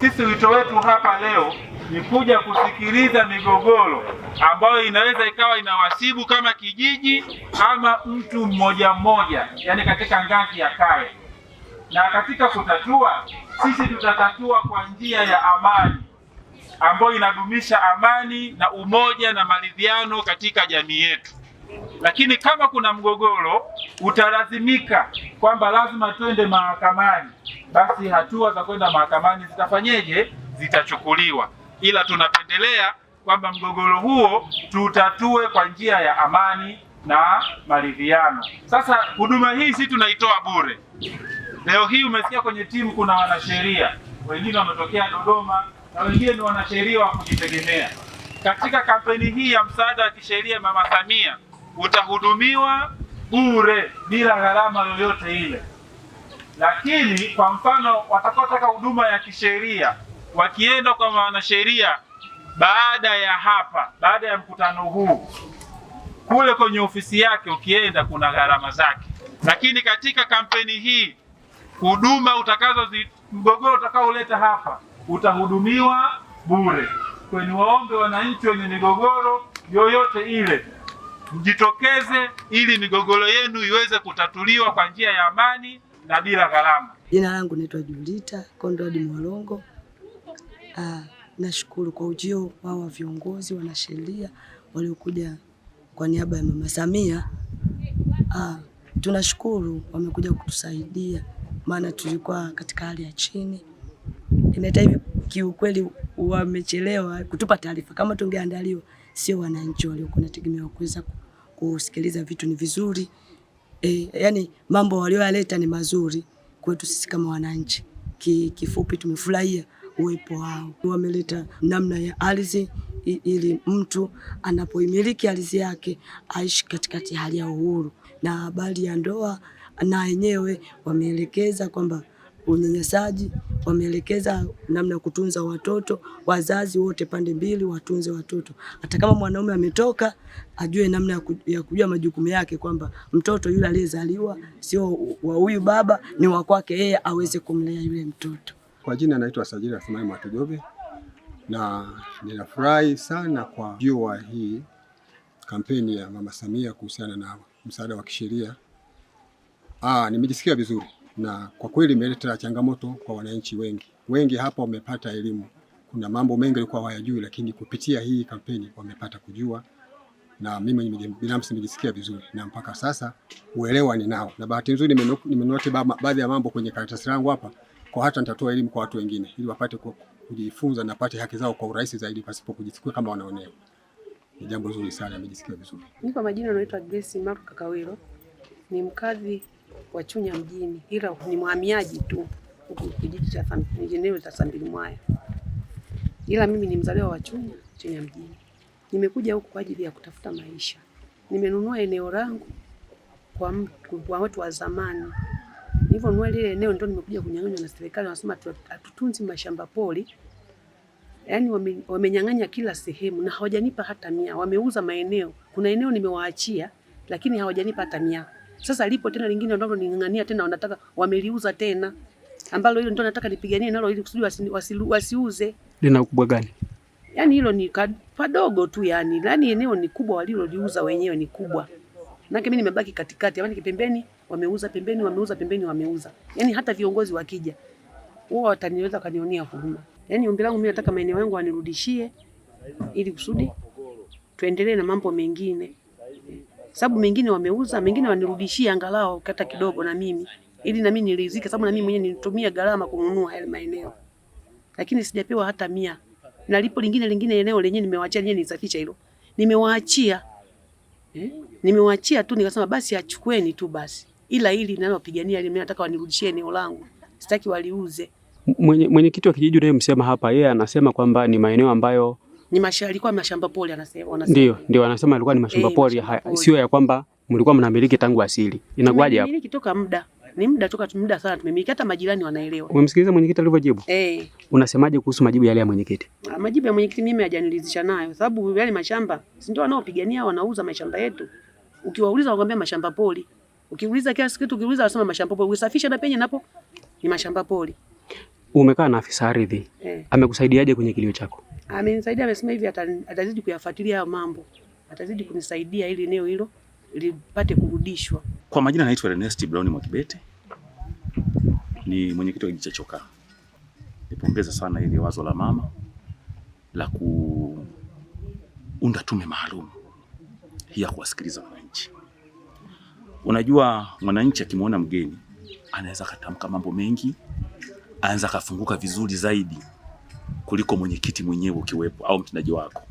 Sisi wito wetu hapa leo ni kuja kusikiliza migogoro ambayo inaweza ikawa inawasibu kama kijiji ama mtu mmoja mmoja, yani katika ngazi ya kaya, na katika kutatua, sisi tutatatua kwa njia ya amani ambayo inadumisha amani na umoja na maridhiano katika jamii yetu. Lakini kama kuna mgogoro utalazimika kwamba lazima twende mahakamani, basi hatua za kwenda mahakamani zitafanyeje? Zitachukuliwa, ila tunapendelea kwamba mgogoro huo tutatue kwa njia ya amani na maridhiano. Sasa huduma hii si tunaitoa bure. Leo hii umesikia kwenye timu kuna wanasheria wengine wametokea Dodoma na wengine ni wanasheria wa kujitegemea. Katika kampeni hii ya msaada wa kisheria Mama Samia utahudumiwa bure bila gharama yoyote ile. Lakini kwa mfano watakaotaka huduma ya kisheria wakienda kwa mwanasheria baada ya hapa, baada ya mkutano huu, kule kwenye ofisi yake ukienda, kuna gharama zake. Lakini katika kampeni hii huduma utakazo mgogoro utakaoleta hapa utahudumiwa bure. kwenye waombe wananchi wenye migogoro yoyote ile mjitokeze ili migogoro yenu iweze kutatuliwa kwa njia ya amani na bila gharama. Jina langu naitwa Julita Conrad Mwalongo. Ah, nashukuru kwa ujio wao wa viongozi wanasheria waliokuja kwa niaba ya Mama Samia. Ah, tunashukuru wamekuja kutusaidia, maana tulikuwa katika hali ya chini. Inahitaji kiukweli, wamechelewa kutupa taarifa kama tungeandaliwa sio wananchi waliokuwa nategemewa kuweza kusikiliza vitu ni vizuri e, yani mambo walioyaleta ni mazuri kwetu sisi kama wananchi. Ki, kifupi tumefurahia uwepo wao, wameleta namna ya ardhi ili mtu anapoimiliki ardhi yake aishi katikati hali ya uhuru, na habari ya ndoa na yenyewe wameelekeza kwamba unyanyasaji, wameelekeza namna ya kutunza watoto. Wazazi wote pande mbili watunze watoto, hata kama mwanaume ametoka, ajue namna ya kujua majukumu yake, kwamba mtoto yule aliyezaliwa sio wa huyu baba, ni wa kwake yeye, aweze kumlea yule mtoto. Kwa jina anaitwa Sajili Rathumani mwatujove na ninafurahi sana kwa jua hii kampeni ya Mama Samia kuhusiana na msaada wa kisheria. Ah, nimejisikia vizuri na kwa kweli imeleta changamoto kwa wananchi wengi. Wengi hapa wamepata elimu, kuna mambo mengi yalikuwa hayajui, lakini kupitia hii kampeni wamepata kujua, na mimi binafsi nimejisikia vizuri, na mpaka sasa uelewa ninao, na bahati nzuri nimenoti baadhi ya mambo kwenye karatasi langu hapa, kwa hata nitatoa elimu kwa watu wengine ili wapate kujifunza na pate haki zao kwa urahisi zaidi pasipo kujisikia kama wanaonewa. Ni jambo zuri sana, nimejisikia vizuri. Mimi kwa majina naitwa Grace Mark Kakawero, ni mkazi Wachunya mjini, ila ni mhamiaji tu huku kijiji cha eneo Sambili Mwaya, ila mimi ni mzaliwa wa Chunya, Chunya mjini. Nimekuja huku kwa ajili ya kutafuta maisha. Nimenunua eneo langu kwa, kwa watu wa zamani. Nilivyonunua lile eneo ndio nimekuja kunyang'anywa na serikali, wanasema hatutunzi mashamba pori. Yaani wame, wamenyang'anya kila sehemu na hawajanipa hata mia. Wameuza maeneo. Kuna eneo nimewaachia lakini hawajanipa hata mia. Sasa lipo tena lingine ndio ning'ang'ania tena, wanataka wameliuza tena, ambalo hilo ndio nataka nipiganie nalo ili kusudi wasi, wasi, wasiuze. Lina ukubwa gani? Yaani hilo ni padogo tu yani, yaani eneo ni kubwa, waliloliuza wenyewe ni kubwa, na mimi nimebaki katikati, yaani kipembeni wameuza, pembeni wameuza, pembeni wameuza. Yaani hata viongozi wakija wao wataniweza kanionea huruma. Yaani ombi langu mimi nataka maeneo yangu wanirudishie, ili kusudi tuendelee na mambo mengine sababu mengine wameuza, mengine wanirudishia angalau hata kidogo na mimi ili na mimi niridhike, sababu na mimi mwenyewe nilitumia gharama kununua yale maeneo, lakini sijapewa hata mia. Na lipo lingine lingine eneo lenyewe nimewaachia lenyewe nisafisha hilo, nimewaachia eh, nimewaachia tu, nikasema basi achukueni tu basi, ila hili ninalopigania ile, mimi nataka wanirudishie eneo langu, sitaki waliuze. Mwenyekiti mwenye wa kijiji unayemsema hapa, yeye anasema kwamba ni maeneo ambayo ni mashamba, alikuwa mashamba pole anasema, wanasema. Ndio, ndio anasema alikuwa ni mashamba eh, pole, sio ya kwamba mlikuwa mnamiliki tangu asili. Inakuwaje hapo? Mimi toka muda. Ni muda toka muda sana tumemiliki, hata majirani wanaelewa. Umemsikiliza mwenyekiti alivyojibu? Eh. Unasemaje kuhusu majibu yale ya mwenyekiti? Ah, majibu ya mwenyekiti mimi hajanilizisha nayo, sababu yale mashamba si ndio wanaopigania wanauza mashamba yetu. Ukiwauliza wakwambia mashamba pole, Ukiuliza kila siku, ukiuliza wasema mashamba pole, Usafisha na penye napo ni mashamba pole. Umekaa na afisa ardhi. Eh. Amekusaidiaje kwenye kilio chako? Amenisaidia, amesema hivi atazidi kuyafuatilia hayo mambo, atazidi kunisaidia ili eneo hilo lipate kurudishwa. Kwa majina naitwa Ernest Brown Mwakibete, ni mwenyekiti wa kijiji cha Chokaa. Nipongeza sana ili wazo la mama la kuunda tume maalum ya kuwasikiliza wananchi. Unajua, mwananchi akimwona mgeni anaweza akatamka mambo mengi, anaweza akafunguka vizuri zaidi kuliko mwenyekiti mwenyewe ukiwepo au mtendaji wako,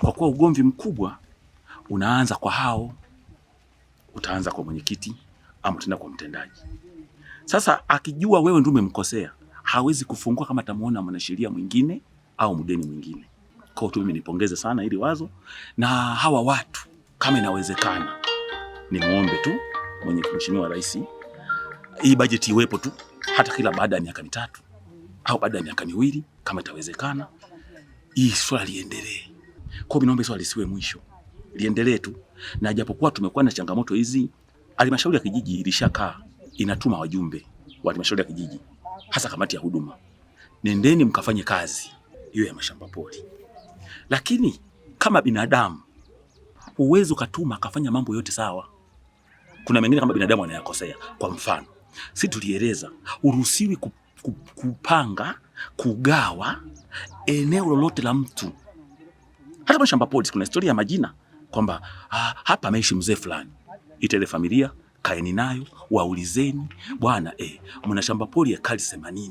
kwa kuwa ugomvi mkubwa unaanza kwa hao, utaanza kwa mwenyekiti au tena kwa mtendaji. Sasa akijua wewe ndio umemkosea, hawezi kufungua kama atamuona mwanasheria mwingine au mdeni mwingine. Kwa hiyo mimi nipongeze sana ili wazo na hawa watu, kama inawezekana, ni muombe tu mwenye Mheshimiwa Rais hii bajeti iwepo tu hata kila baada ya miaka mitatu au baada ya miaka miwili kama itawezekana, hii swala liendelee. Kwa hiyo naomba swala lisiwe mwisho, liendelee tu, na japokuwa tumekuwa na changamoto hizi, halmashauri ya kijiji ilishakaa inatuma wajumbe wa halmashauri ya kijiji, hasa kamati ya huduma, nendeni mkafanye kazi hiyo ya mashamba pori. Lakini kama binadamu huwezi ukatuma akafanya mambo yote sawa, kuna mengine kama binadamu anayakosea. Kwa mfano, si tulieleza uruhusiwi kupanga, kugawa eneo lolote la mtu. Hata kwa shamba polisi kuna historia ya majina kwamba ah, hapa ameishi mzee fulani, ita ile familia kaeni nayo waulizeni, bwana eh, mna shamba poli ya kali 80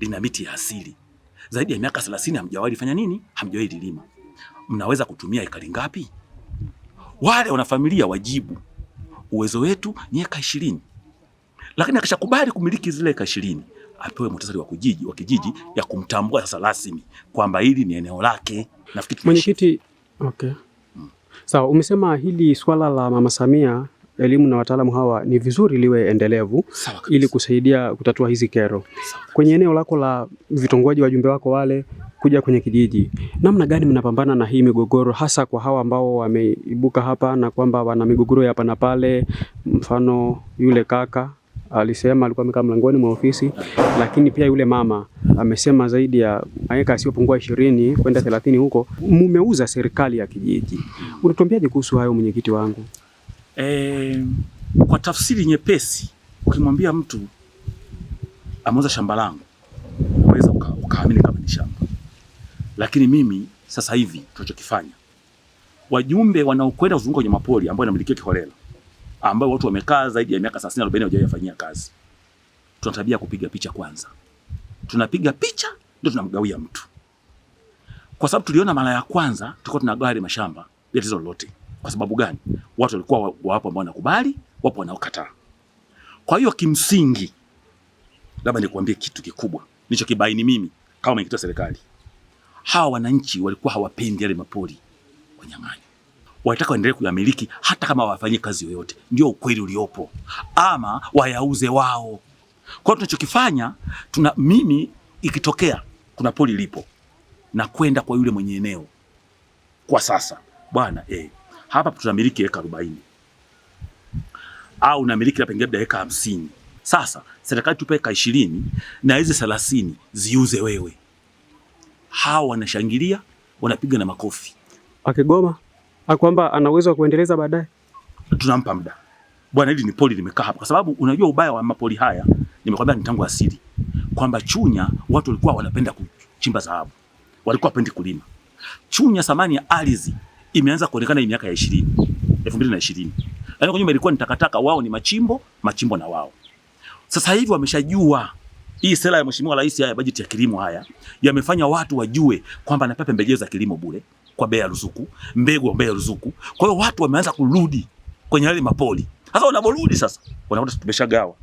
lina miti ya asili zaidi ya miaka 30, hamjawahi fanya nini, hamjawahi lilima, mnaweza kutumia ekari ngapi? Wale wanafamilia wajibu uwezo wetu ni eka ishirini, lakini akishakubali kumiliki zile eka ishirini apewe muhtasari wa kijiji wa kijiji ya kumtambua sasa rasmi kwamba hili ni eneo lake. Nafikiri mwenyekiti. Okay. Hmm. Sawa, umesema hili swala la Mama Samia elimu na wataalamu hawa ni vizuri liwe endelevu ili kusaidia kutatua hizi kero. Kwenye eneo lako la vitongoji, wajumbe wako wale kuja kwenye kijiji, namna gani mnapambana na hii migogoro, hasa kwa hawa ambao wameibuka hapa na kwamba wana migogoro ya hapa na pale, mfano yule kaka alisema alikuwa amekaa mlangoni mwa ofisi, lakini pia yule mama amesema zaidi ya maeka asiyopungua ishirini kwenda thelathini huko mumeuza serikali ya kijiji. Unatuambiaje kuhusu hayo mwenyekiti wangu? E, kwa tafsiri nyepesi ukimwambia mtu ameuza shamba langu unaweza ukaamini uka kama ni shamba, lakini mimi sasa hivi tunachokifanya wajumbe wanaokwenda kuzunguka kwenye mapori ambayo inamilikiwa kiholela ambayo watu wamekaa zaidi ya miaka 30 40 hawajafanyia kazi. Tuna tabia kupiga picha kwanza, tunapiga picha ndio tunamgawia mtu, kwa sababu tuliona mara ya kwanza tulikuwa tunagawa ile mashamba bila tatizo lolote. Kwa sababu gani? Watu walikuwa wapo ambao wanakubali, wapo wanaokataa. Kwa hiyo kimsingi, labda nikuambie kitu kikubwa kibaini mimi kama mwenyekiti wa serikali, hawa wananchi walikuwa hawapendi yale mapori wanyang'anyi wanataka waendelee kuyamiliki hata kama wafanyie kazi yoyote, ndio ukweli uliopo, ama wayauze wao. Kwa hiyo tunachokifanya tuna, mimi ikitokea kuna poli lipo na kwenda kwa yule mwenye eneo kwa sasa, bwana eh, hapa tunamiliki eka 40 au namiliki la pengine eka hamsini. Sasa serikali tupe eka ishirini na hizi 30 ziuze wewe. Hao wanashangilia wanapiga na makofi akigoma Ah, kwamba ana uwezo wa kuendeleza baadaye? Tunampa muda bwana, hili ni poli limekaa hapa, kwa sababu unajua ubaya wa mapoli haya, nimekwambia ni tangu asili kwamba Chunya watu walikuwa wanapenda kuchimba dhahabu, walikuwa wapendi kulima. Chunya samani ya ardhi imeanza kuonekana hii miaka ya 20 2020, yaani kwa nyuma ilikuwa ni takataka, wao ni machimbo, machimbo na wao. Sasa hivi wameshajua hii sera ya Mheshimiwa Rais, haya bajeti ya kilimo, haya yamefanya watu wajue kwamba napea pembejeo za kilimo bure kwa bei ya ruzuku, mbegu kwa bei ya ruzuku. Kwa hiyo watu wameanza kurudi kwenye yale mapoli. Sasa wanaporudi sasa wanakuta tumeshagawa